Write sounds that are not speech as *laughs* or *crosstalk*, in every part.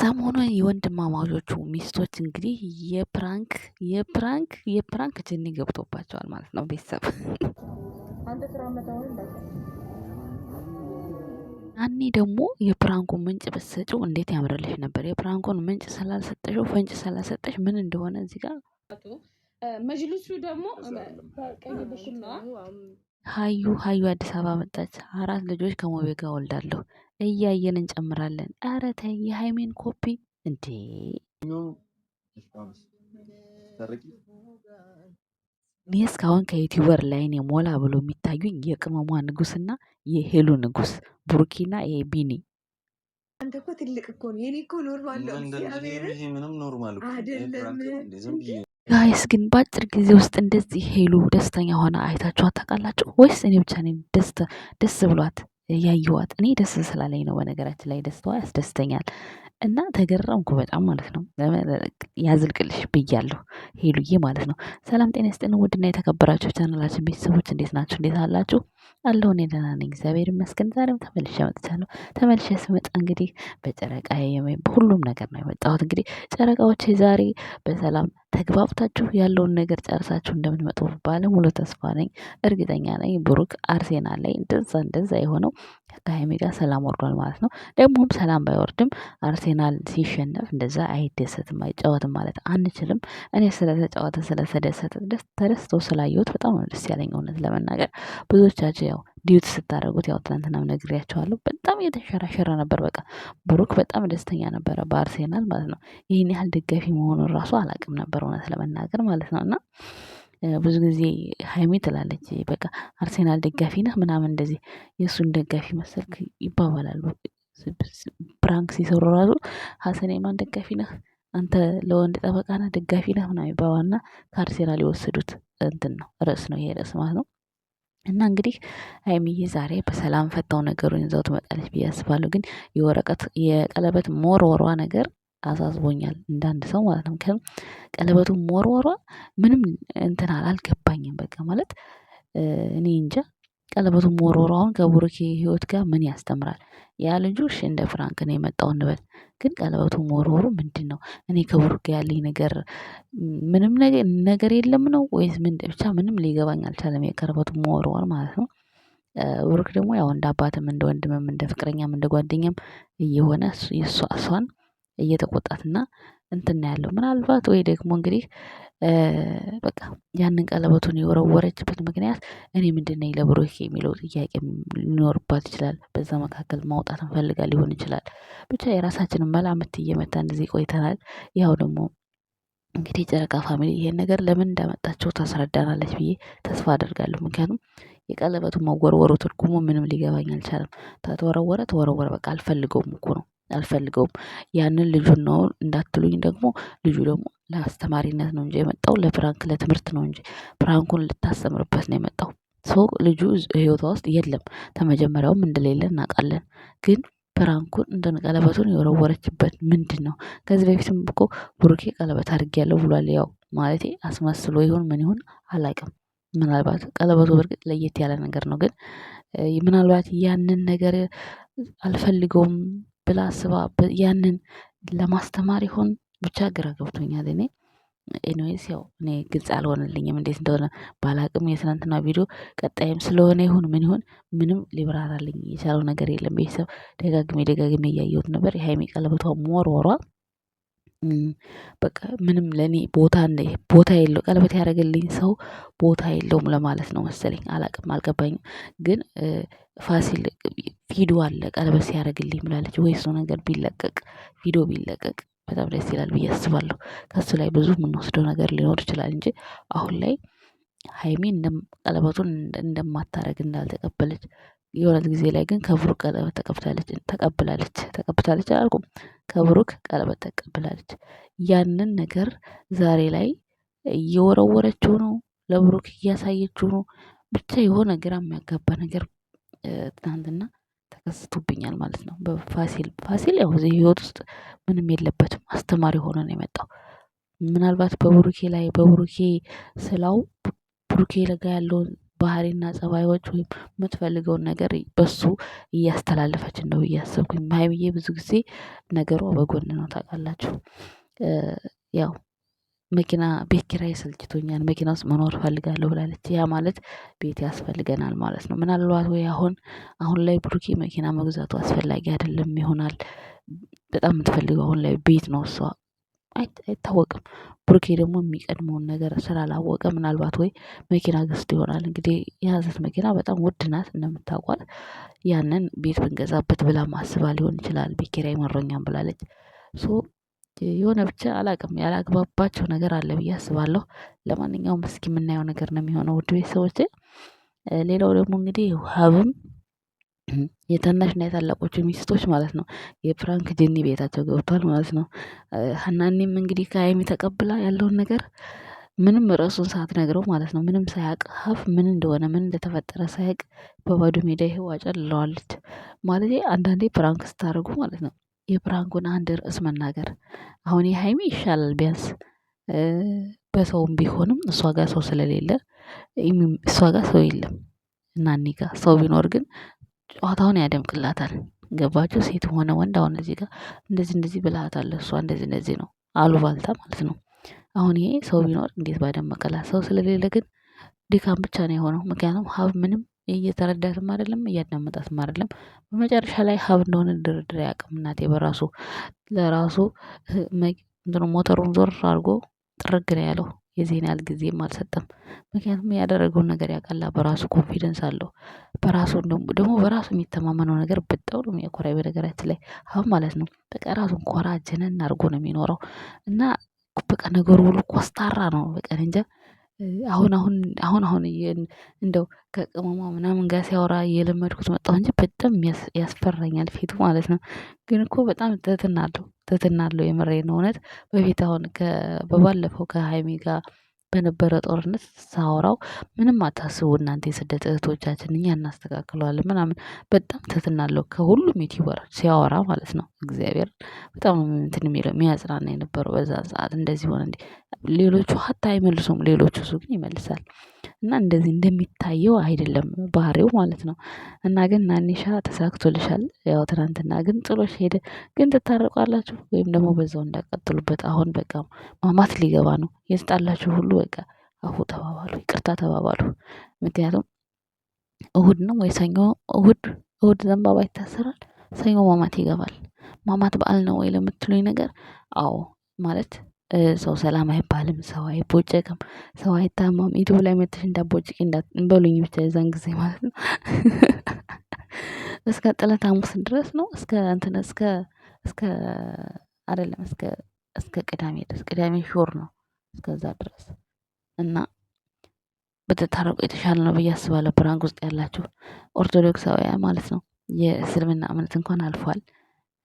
ሰሞኑን የወንድማማቾቹ ሚስቶች እንግዲህ የፕራንክ የፕራንክ የፕራንክ ጅኒ ገብቶባቸዋል ማለት ነው። ቤተሰብ አኒ ደግሞ የፕራንኩን ምንጭ ብትሰጪው እንዴት ያምርልሽ ነበር። የፕራንኩን ምንጭ ስላልሰጠሽው ፈንጭ ስላልሰጠሽ ምን እንደሆነ እዚህ ጋር መጅልሱ ደግሞ ቀይ ብሽና ሀዩ ሀዩ አዲስ አበባ መጣች። አራት ልጆች ከሞቤ ጋር ወልዳለሁ። እያየን እንጨምራለን። ኧረ ተይ የሃይሜን ኮፒ እንዴ! እኔ እስካሁን ከዩቲዩበር ላይን የሞላ ብሎ የሚታዩኝ የቅመሟ ንጉስና የሄሉ ንጉስ ቡርኪና ይሄ ቢኒ አንተ እኮ ትልቅ እኮ ነው። የኔ እኮ ኖርማል ነው። ምንም ኖርማል አይደለም። ጋይስ ግን በአጭር ጊዜ ውስጥ እንደዚህ ሄሉ ደስተኛ ሆነ አይታችኋት ታውቃላችሁ ወይስ እኔ ብቻ ነኝ ደስ ብሏት ያየዋት? እኔ ደስ ስላለኝ ነው። በነገራችን ላይ ደስታዋ ያስደስተኛል እና ተገረምኩ በጣም ማለት ነው። ያዝልቅልሽ ብያለሁ ሄሉዬ ማለት ነው። ሰላም ጤና ይስጥልን። ውድና የተከበራችሁ ቻናላችን ቤተሰቦች እንዴት ናችሁ? እንዴት አላችሁ? አለሁ እኔ ደህና ነኝ እግዚአብሔር ይመስገን። ዛሬም ተመልሼ መጥቻለሁ ተመልሼ ስመጣ እንግዲህ በጨረቃዬ በሁሉም ነገር ነው የመጣሁት እንግዲህ ጨረቃዎች ዛሬ በሰላም ተግባብታችሁ ያለውን ነገር ጨርሳችሁ እንደምትመጡ ሙሉ ተስፋ ነኝ። እርግጠኛ ነኝ ብሩክ አርሴና ላይ እንደዛ እንደዛ የሆነው ከሀይሚ ጋር ሰላም ወርዷል ማለት ነው። ደግሞም ሰላም ባይወርድም አርሴናል ሲሸነፍ እንደዛ አይደሰትም አይጫወትም ማለት አንችልም። እኔ ስለተጫወተ ስለተደሰተ ተደስተው ስላየሁት በጣም ነው ደስ ያለኝ እውነት ለመናገር ብዙዎቻቸው ያው ዲዩት ስታደርጉት ያው ትናንትና ነግሬያቸዋለሁ። በጣም እየተሸራሸረ ነበር። በቃ ብሩክ በጣም ደስተኛ ነበረ በአርሴናል ማለት ነው። ይህን ያህል ደጋፊ መሆኑን ራሱ አላቅም ነበር እውነት ለመናገር ማለት ነው እና ብዙ ጊዜ ሀይሚ ትላለች በቃ አርሴናል ደጋፊ ነህ ምናምን እንደዚህ የእሱን ደጋፊ መሰልክ ይባባላሉ። ፕራንክ ሲሰሩ ራሱ ሀሰን የማን ደጋፊ ነህ አንተ ለወንድ ጠበቃ ነህ ደጋፊ ነህ ምናምን ይባባልና ከአርሴናል የወሰዱት እንትን ነው ርዕስ ነው ይሄ ርዕስ ማለት ነው። እና እንግዲህ ሃይሚዬ ዛሬ በሰላም ፈታው ነገሩን ይዛው ትመጣለች ብዬ አስባለሁ። ግን የወረቀት የቀለበት ሞር ወሯ ነገር አሳስቦኛል እንደ አንድ ሰው ማለት ነው። ምክንያቱም ቀለበቱ መወርወሯ ምንም እንትን አልገባኝም በቃ ማለት እኔ እንጃ ቀለበቱ መወርወሯ አሁን ከብሩኬ ህይወት ጋር ምን ያስተምራል? ያ ልጁ እሺ እንደ ፍራንክ ነው የመጣው እንበል ግን ቀለበቱን ምንድን ምንድነው? እኔ ከብሩክ ያለኝ ነገር ምንም ነገር የለም ነው ወይስ ምን ብቻ ምንም ሊገባኝ አልቻለም የቀለበቱ መወርወር ማለት ነው። ብሩክ ደግሞ ያው እንደ አባትም እንደ ወንድምም እንደ ፍቅረኛም እንደ ጓደኛም እየሆነ እሷ እሷን እየተቆጣትና እንትን ያለው ምናልባት ወይ ደግሞ እንግዲህ በቃ ያንን ቀለበቱን የወረወረችበት ምክንያት እኔ ምንድን ነኝ ለብሩኬ የሚለው ጥያቄ ሊኖርባት ይችላል። በዛ መካከል ማውጣት እንፈልጋ ሊሆን ይችላል። ብቻ የራሳችንን መላምት እየመታ እንደዚህ ቆይተናል። ያው ደግሞ እንግዲህ ጨረቃ ፋሚሊ ይሄን ነገር ለምን እንዳመጣቸው ታስረዳናለች ብዬ ተስፋ አደርጋለሁ። ምክንያቱም የቀለበቱ መወርወሩ ትርጉሙ ምንም ሊገባኝ አልቻለም። ተወረወረ ተወረወረ በቃ አልፈልገውም እኮ ነው አልፈልገውም። ያንን ልጁን ነው እንዳትሉኝ ደግሞ ልጁ ደግሞ ለአስተማሪነት ነው እንጂ የመጣው ለፕራንክ ለትምህርት ነው እንጂ ፕራንኩን ልታስተምርበት ነው የመጣው። ሶ ልጁ ህይወቷ ውስጥ የለም ከመጀመሪያውም እንደሌለ እናውቃለን። ግን ፕራንኩን እንደን ቀለበቱን የወረወረችበት ምንድን ነው? ከዚህ በፊትም እኮ ብሩኬ ቀለበት አድርጌያለሁ ብሏል። ያው ማለቴ አስመስሎ ይሁን ምን ይሁን አላውቅም። ምናልባት ቀለበቱ በእርግጥ ለየት ያለ ነገር ነው። ግን ምናልባት ያንን ነገር አልፈልገውም ብላ አስባ ያንን ለማስተማር ይሆን ብቻ ግራ ገብቶኛል። እኔ ኤኒዌይስ ያው እኔ ግልጽ አልሆነልኝም እንዴት እንደሆነ ባላቅም የትናንትና ቪዲዮ ቀጣይም ስለሆነ ይሁን ምን ይሁን ምንም ሊብራራልኝ የቻለው ነገር የለም። ቤተሰብ ደጋግሜ ደጋግሜ እያየሁት ነበር። የሀይሚ ቀለበቷ ወሯ በቃ ምንም ለእኔ ቦታ ቦታ የለው ቀለበት ያደረገልኝ ሰው ቦታ የለውም ለማለት ነው መሰለኝ። አላቅም፣ አልገባኝም ግን ፋሲል ቪዲዮ አለ ቀለበት ሲያደርግልኝ ብላለች ወይ እሱ ነገር ቢለቀቅ ቪዲዮ ቢለቀቅ በጣም ደስ ይላል ብዬ አስባለሁ። ከሱ ላይ ብዙ የምንወስደው ነገር ሊኖር ይችላል እንጂ አሁን ላይ ሀይሚ ቀለበቱን እንደማታደርግ እንዳልተቀበለች የሆነ ጊዜ ላይ ግን ከብሩክ ቀለበት ተቀብታለች ተቀብላለች ተቀብታለች አላልኩም ከብሩክ ቀለበት ተቀብላለች ያንን ነገር ዛሬ ላይ እየወረወረችው ነው ለብሩክ እያሳየችው ነው። ብቻ የሆነ ግራ የሚያጋባ ነገር ትናንትና ተከስቶብኛል ማለት ነው። በፋሲል ፋሲል ያው እዚህ ህይወት ውስጥ ምንም የለበትም አስተማሪ ሆኖ ነው የመጣው። ምናልባት በብሩኬ ላይ በብሩኬ ስላው ብሩኬ ለጋ ያለውን ባህሪና ጸባዮች ወይም የምትፈልገውን ነገር በሱ እያስተላለፈች እንደው እያሰብኩኝ ሀይሚዬ ብዙ ጊዜ ነገሯ በጎን ነው ታውቃላችሁ። ያው መኪና ቤት ኪራይ ሰልችቶኛል መኪና ውስጥ መኖር እፈልጋለሁ ብላለች ያ ማለት ቤት ያስፈልገናል ማለት ነው። ምናልባት ወይ አሁን አሁን ላይ ብሩኬ መኪና መግዛቱ አስፈላጊ አይደለም ይሆናል። በጣም የምትፈልገው አሁን ላይ ቤት ነው እሷ አይታወቅም። ብሩኬ ደግሞ የሚቀድመውን ነገር ስላላወቀ ምናልባት ወይ መኪና ገዝቶ ይሆናል እንግዲህ የያዘት መኪና በጣም ውድ ናት እንደምታውቋት ያንን ቤት ብንገዛበት ብላ ማስባ ሊሆን ይችላል ቤት ኪራይ ብላለች። ሶ የሆነ ብቻ አላቅም ያላግባባቸው ነገር አለ ብዬ አስባለሁ። ለማንኛውም እስኪ የምናየው ነገር ነው የሚሆነው ውድ ቤተሰቦቼ። ሌላው ደግሞ እንግዲህ ሀብም የታናሽና የታላቆቹ ሚስቶች ማለት ነው የፕራንክ ጅኒ ቤታቸው ገብቷል ማለት ነው። ሀናኒም እንግዲህ ከሀይሚ ተቀብላ ያለውን ነገር ምንም ርዕሱን ሳትነግረው ማለት ነው ምንም ሳያቅ ሀብ ምን እንደሆነ ምን እንደተፈጠረ ሳያቅ በባዶ ሜዳ ይሄው አጨልለዋለች። ማለት አንዳንዴ ፕራንክ ስታደርጉ ማለት ነው የፕራንኩን አንድ ርዕስ መናገር አሁን የሀይሚ ይሻላል ቢያንስ በሰውም ቢሆንም እሷ ጋር ሰው ስለሌለ እሷ ጋር ሰው የለም እና እኔ ጋር ሰው ቢኖር ግን ጨዋታውን ያደምቅላታል። ገባችሁ? ሴት ሆነ ወንድ አሁን እዚህ ጋር እንደዚህ እንደዚህ ብልሃታል እሷ እንደዚህ እንደዚህ ነው አሉባልታ ማለት ነው። አሁን ይሄ ሰው ቢኖር እንዴት ባደመቀላት። ሰው ስለሌለ ግን ድካም ብቻ ነው የሆነው። ምክንያቱም ሀብ ምንም እየተረዳትም አይደለም እያዳመጣትም አይደለም። በመጨረሻ ላይ ሀብ እንደሆነ ድርድር ያቅም እናቴ በራሱ ለራሱ ሞተሩን ዞር አድርጎ ጥርግ ነው ያለው የዚህን ያህል ጊዜም አልሰጠም። ምክንያቱም ያደረገውን ነገር ያቀላ በራሱ ኮንፊደንስ አለው። በራሱ ደግሞ በራሱ የሚተማመነው ነገር በጣም ነው የሚያኮራ። በነገራችን ላይ ሀብ ማለት ነው በቃ ራሱን ኮራ ጀነን አድርጎ ነው የሚኖረው። እና በቃ ነገሩ ሁሉ ኮስታራ ነው በቃ እንጃ አሁን አሁን አሁን አሁን እንደው ከቅመሟ ምናምን ጋር ሲያወራ እየለመድኩት መጣሁ እንጂ በጣም ያስፈራኛል ፊቱ ማለት ነው። ግን እኮ በጣም ትህትና አለው ትህትና አለው የምሬን እውነት በፊት አሁን በባለፈው ከሀይሜ ጋር በነበረ ጦርነት ሳወራው ምንም አታስቡ እናንተ የስደት እህቶቻችን እኛ እናስተካክለዋለን ምናምን በጣም ትህትና ከሁሉም ዩቲዩበሮች ሲያወራ ማለት ነው። እግዚአብሔር በጣም እንትን የሚለው የሚያጽናና የነበረው በዛ ሰዓት እንደዚህ ሆነ እንዲ ሌሎቹ ሀታ አይመልሱም ሌሎቹ እሱ ግን ይመልሳል እና እንደዚህ እንደሚታየው አይደለም ባህሪው ማለት ነው። እና ግን ናኒሻ ተሳክቶልሻል ያው ትናንትና ግን ጥሎሽ ሄደ። ግን ትታረቋላችሁ ወይም ደግሞ በዛው እንዳቀጥሉበት። አሁን በቃ ማማት ሊገባ ነው የተጣላችሁ ሁሉ በቃ አፉ ተባባሉ ይቅርታ ተባባሉ። ምክንያቱም እሁድ ነው ወይ ሰኞ እሁድ እሁድ ዘንባባ ይታሰራል ሰኞ ማማት ይገባል። ማማት በዓል ነው ወይ ለምትሉኝ ነገር? አዎ ማለት ሰው ሰላም አይባልም ሰው አይቦጨቅም ሰው አይታማም ዩቲዩብ ላይ መጥተሽ እንዳቦጭቅ እንበሉኝ ብቻ የዛን ጊዜ ማለት ነው። *laughs* እስከ ጥለት ሀሙስ ድረስ ነው እስከ እንትን እስከ እስከ አይደለም እስከ እስከ ቅዳሜ ድረስ ቅዳሜ ሾር ነው እስከዛ ድረስ እና በተታረቁ የተሻለ ነው ብዬ አስባለሁ። ብራንክ ውስጥ ያላችሁ ኦርቶዶክሳውያን ማለት ነው። የእስልምና እምነት እንኳን አልፏል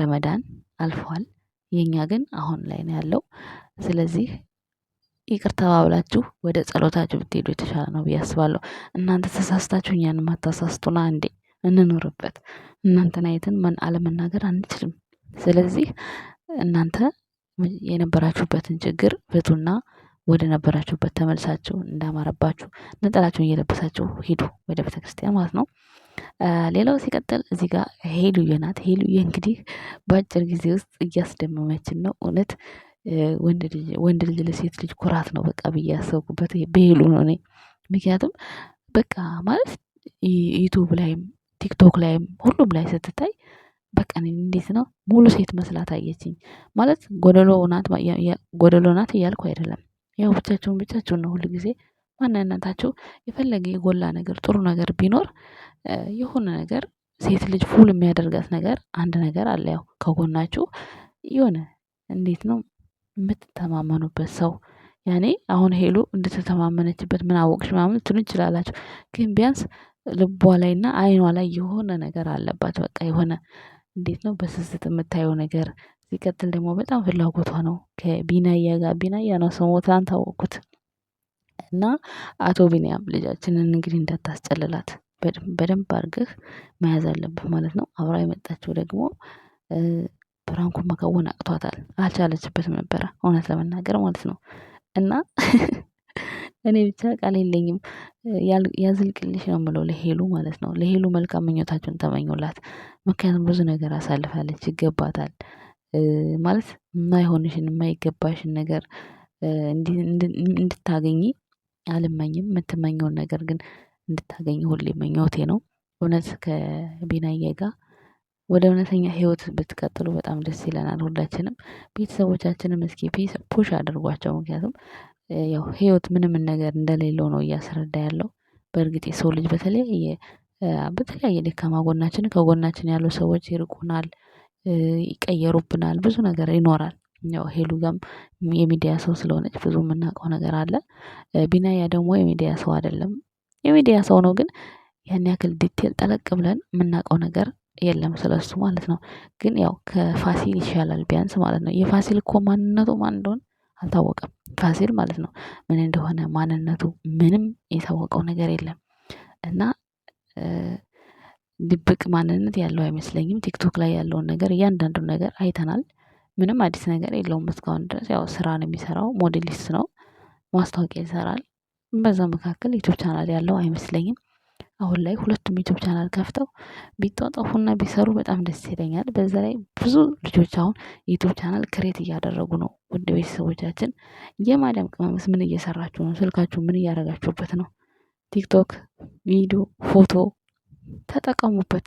ረመዳን አልፏል የኛ ግን አሁን ላይ ነው ያለው። ስለዚህ ይቅር ተባብላችሁ ወደ ጸሎታችሁ ብትሄዱ የተሻለ ነው ብዬ አስባለሁ። እናንተ ተሳስታችሁ እኛን ማታሳስቱና እንዴ እንኖርበት። እናንተን አይትን ምን አለመናገር አንችልም። ስለዚህ እናንተ የነበራችሁበትን ችግር ፍቱና ወደ ነበራችሁበት ተመልሳችሁ እንዳማረባችሁ ነጠላችሁን እየለበሳችሁ ሂዱ ወደ ቤተክርስቲያን ማለት ነው። ሌላው ሲቀጥል እዚህ ጋር ሄሉዬ ናት። ሄሉዬ እንግዲህ በአጭር ጊዜ ውስጥ እያስደመመችን ነው እውነት ወንድ ልጅ ለሴት ልጅ ኩራት ነው በቃ ብዬ ያሰብኩበት በሄሉ ነው እኔ ምክንያቱም በቃ ማለት ዩቱብ ላይም ቲክቶክ ላይም ሁሉም ላይ ስትታይ በቃ እንዴት ነው ሙሉ ሴት መስላት አየችኝ። ማለት ጎደሎ ናት ጎደሎ ናት እያልኩ አይደለም። ያው ብቻችሁን ብቻችሁን ነው ሁል ጊዜ ማንነታቸው የፈለገ የጎላ ነገር ጥሩ ነገር ቢኖር የሆነ ነገር ሴት ልጅ ፉል የሚያደርጋት ነገር አንድ ነገር አለ። ያው ከጎናችሁ የሆነ እንዴት ነው የምትተማመኑበት ሰው ያኔ አሁን ሄሉ እንድትተማመነችበት ምን አወቅሽ ምናምን ልትሉ ትችላላችሁ። ግን ቢያንስ ልቧ ላይ ላይና አይኗ ላይ የሆነ ነገር አለባት። በቃ የሆነ እንዴት ነው በስስት የምታየው ነገር። ሲቀጥል ደግሞ በጣም ፍላጎቷ ነው ከቢናያ ጋር ቢናያ ነው ስሙ ትናንት አወቅኩት እና አቶ ቢኒያም ልጃችንን እንግዲህ እንዳታስጨልላት በደንብ አድርገህ መያዝ አለብህ ማለት ነው። አብራ የመጣችው ደግሞ ፕራንኩን መከወን አቅቷታል አልቻለችበትም ነበረ እውነት ለመናገር ማለት ነው። እና *laughs* እኔ ብቻ ቃል የለኝም። ያዝልቅልሽ ነው የምለው ለሄሉ ማለት ነው ለሄሉ መልካም ምኞታችሁን ተመኙላት። ምክንያቱም ብዙ ነገር አሳልፋለች ይገባታል። ማለት የማይሆንሽን የማይገባሽን ነገር እንድታገኚ አልመኝም የምትመኘውን ነገር ግን እንድታገኝ ሁሌ ምኞቴ ነው። እውነት ከቢናዬ ጋር ወደ እውነተኛ ህይወት ብትቀጥሉ በጣም ደስ ይለናል። ሁላችንም ቤተሰቦቻችንም እስኪ ፑሽ አድርጓቸው ምክንያቱም ያው ህይወት ምንም ነገር እንደሌለው ነው እያስረዳ ያለው። በእርግጥ የሰው ልጅ በተለያየ በተለያየ ደካማ ጎናችን ከጎናችን ያሉ ሰዎች ይርቁናል ይቀየሩብናል ብዙ ነገር ይኖራል ያው ሄሉ ጋም የሚዲያ ሰው ስለሆነች ብዙ የምናውቀው ነገር አለ። ቢናያ ደግሞ የሚዲያ ሰው አይደለም የሚዲያ ሰው ነው ግን ያን ያክል ዲቴል ጠለቅ ብለን የምናውቀው ነገር የለም ስለሱ ማለት ነው። ግን ያው ከፋሲል ይሻላል ቢያንስ ማለት ነው የፋሲል እኮ ማንነቱ ማን እንደሆነ አልታወቀም ፋሲል ማለት ነው ምን እንደሆነ ማንነቱ ምንም የታወቀው ነገር የለም። እና ድብቅ ማንነት ያለው አይመስለኝም ቲክቶክ ላይ ያለውን ነገር እያንዳንዱ ነገር አይተናል ምንም አዲስ ነገር የለውም እስካሁን ድረስ ያው ስራ ነው የሚሰራው ሞዴሊስት ነው። ማስታወቂያ ይሰራል። በዛ መካከል ዩቲዩብ ቻናል ያለው አይመስለኝም። አሁን ላይ ሁለቱም ዩቲዩብ ቻናል ከፍተው ቢጧጧፉና ቢሰሩ በጣም ደስ ይለኛል። በዛ ላይ ብዙ ልጆች አሁን ዩቲዩብ ቻናል ክሬት እያደረጉ ነው ውድ ቤተሰቦቻችን። የማዳም ቅመምስ ምን እየሰራችሁ ነው ስልካችሁ ምን እያደረጋችሁበት ነው? ቲክቶክ ቪዲዮ ፎቶ ተጠቀሙበት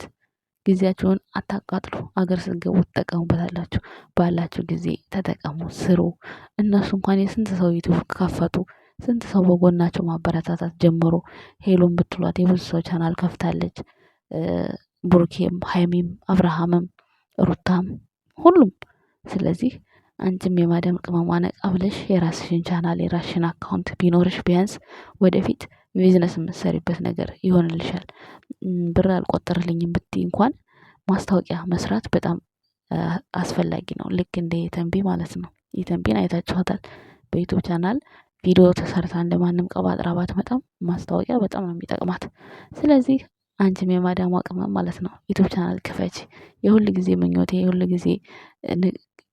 ጊዜያችሁን አታቃጥሉ። አገር ስትገቡ ትጠቀሙበታላችሁ። ባላችሁ ጊዜ ተጠቀሙ፣ ስሩ። እነሱ እንኳን የስንት ሰው ዩቲዩብ ከፈቱ፣ ስንት ሰው በጎናቸው ማበረታታት ጀምሮ ሄሎን ብትሏት የብዙ ሰው ቻናል ከፍታለች። ቡርኬም፣ ሀይሚም፣ አብርሃምም፣ ሩታም ሁሉም። ስለዚህ አንቺም የማደም ቅመሟ ነቃ ብለሽ የራስሽን ቻናል የራስሽን አካውንት ቢኖርሽ ቢያንስ ወደፊት ቢዝነስ የምትሰሪበት ነገር ይሆንልሻል። ብር አልቆጠርልኝም ብትይ እንኳን ማስታወቂያ መስራት በጣም አስፈላጊ ነው። ልክ እንደ የተንቢ ማለት ነው የተንቢን አይታችኋታል በዩቲዩብ ቻናል ቪዲዮ ተሰርታ እንደማንም ቀባጥራ ባትመጣም ማስታወቂያ በጣም ነው የሚጠቅማት። ስለዚህ አንቺም የማዳሟ ቅመም ማለት ነው ዩቲዩብ ቻናል ክፈች። የሁል ጊዜ ምኞቴ የሁል ጊዜ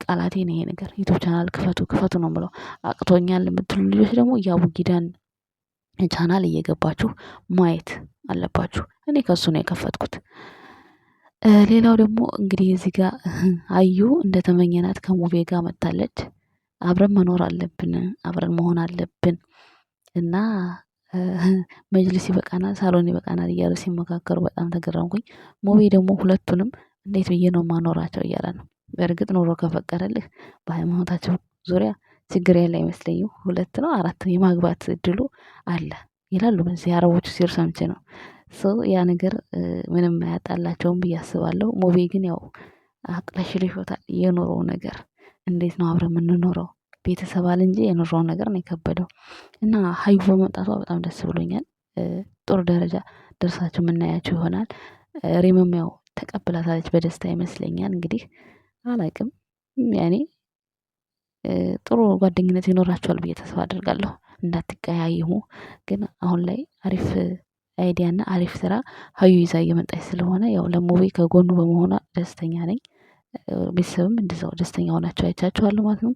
ቃላቴ ነው ይሄ ነገር ዩቲዩብ ቻናል ክፈቱ ክፈቱ ነው የምለው። አቅቶኛል የምትሉ ልጆች ደግሞ የአቡጊዳን ቻናል እየገባችሁ ማየት አለባችሁ። እኔ ከሱ ነው የከፈትኩት። ሌላው ደግሞ እንግዲህ እዚህ ጋር አዩ እንደተመኘናት ከሙቤ ጋር መታለች። አብረን መኖር አለብን፣ አብረን መሆን አለብን እና መጅልስ ይበቃናል፣ ሳሎን ይበቃናል እያሉ ሲመካከሩ በጣም ተገረምኩኝ። ሙቤ ደግሞ ሁለቱንም እንዴት ብዬ ነው ማኖራቸው እያለ ነው። በእርግጥ ኑሮ ከፈቀደልህ በሃይማኖታቸው ዙሪያ ችግር ያለ አይመስለኝም ሁለት ነው አራት የማግባት እድሉ አለ ይላሉ በዚህ አረቦቹ ሲር ሰምቼ ነው። ያ ነገር ምንም አያጣላቸውም ብዬ አስባለሁ። ሞቤ ግን ያው አቅለሽልሾታል የኖረው ነገር እንዴት ነው አብረ የምንኖረው? ቤተሰብ አለ እንጂ የኖረው ነገር ነው የከበደው። እና ሀዩ በመምጣቷ በጣም ደስ ብሎኛል። ጥሩ ደረጃ ደርሳችሁ የምናያችሁ ይሆናል። ሪምም ያው ተቀብላታለች በደስታ ይመስለኛል እንግዲህ አላቅም። ያኔ ጥሩ ጓደኝነት ይኖራቸዋል ብዬ ተስፋ አደርጋለሁ። እንዳትቀያየሙ ግን አሁን ላይ አሪፍ አይዲያ እና አሪፍ ስራ ሀዩ ይዛ እየመጣች ስለሆነ ያው ለሙቪ ከጎኑ በመሆኗ ደስተኛ ነኝ። ቤተሰብም እንደዛው ደስተኛ ሆናቸው አይቻችኋለሁ ማለት ነው።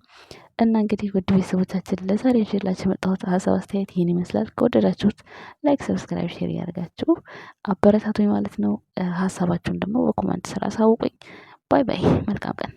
እና እንግዲህ ውድ ቤተሰቦቻችን ለዛሬ ይዤላችሁ የመጣሁት ሀሳብ አስተያየት ይህን ይመስላል ከወደዳችሁት ላይክ ሰብስክራይብ ሼር እያደርጋችሁ አበረታቱኝ ማለት ነው። ሀሳባችሁን ደግሞ በኮመንት ስራ አሳውቁኝ። ባይ ባይ መልካም ቀን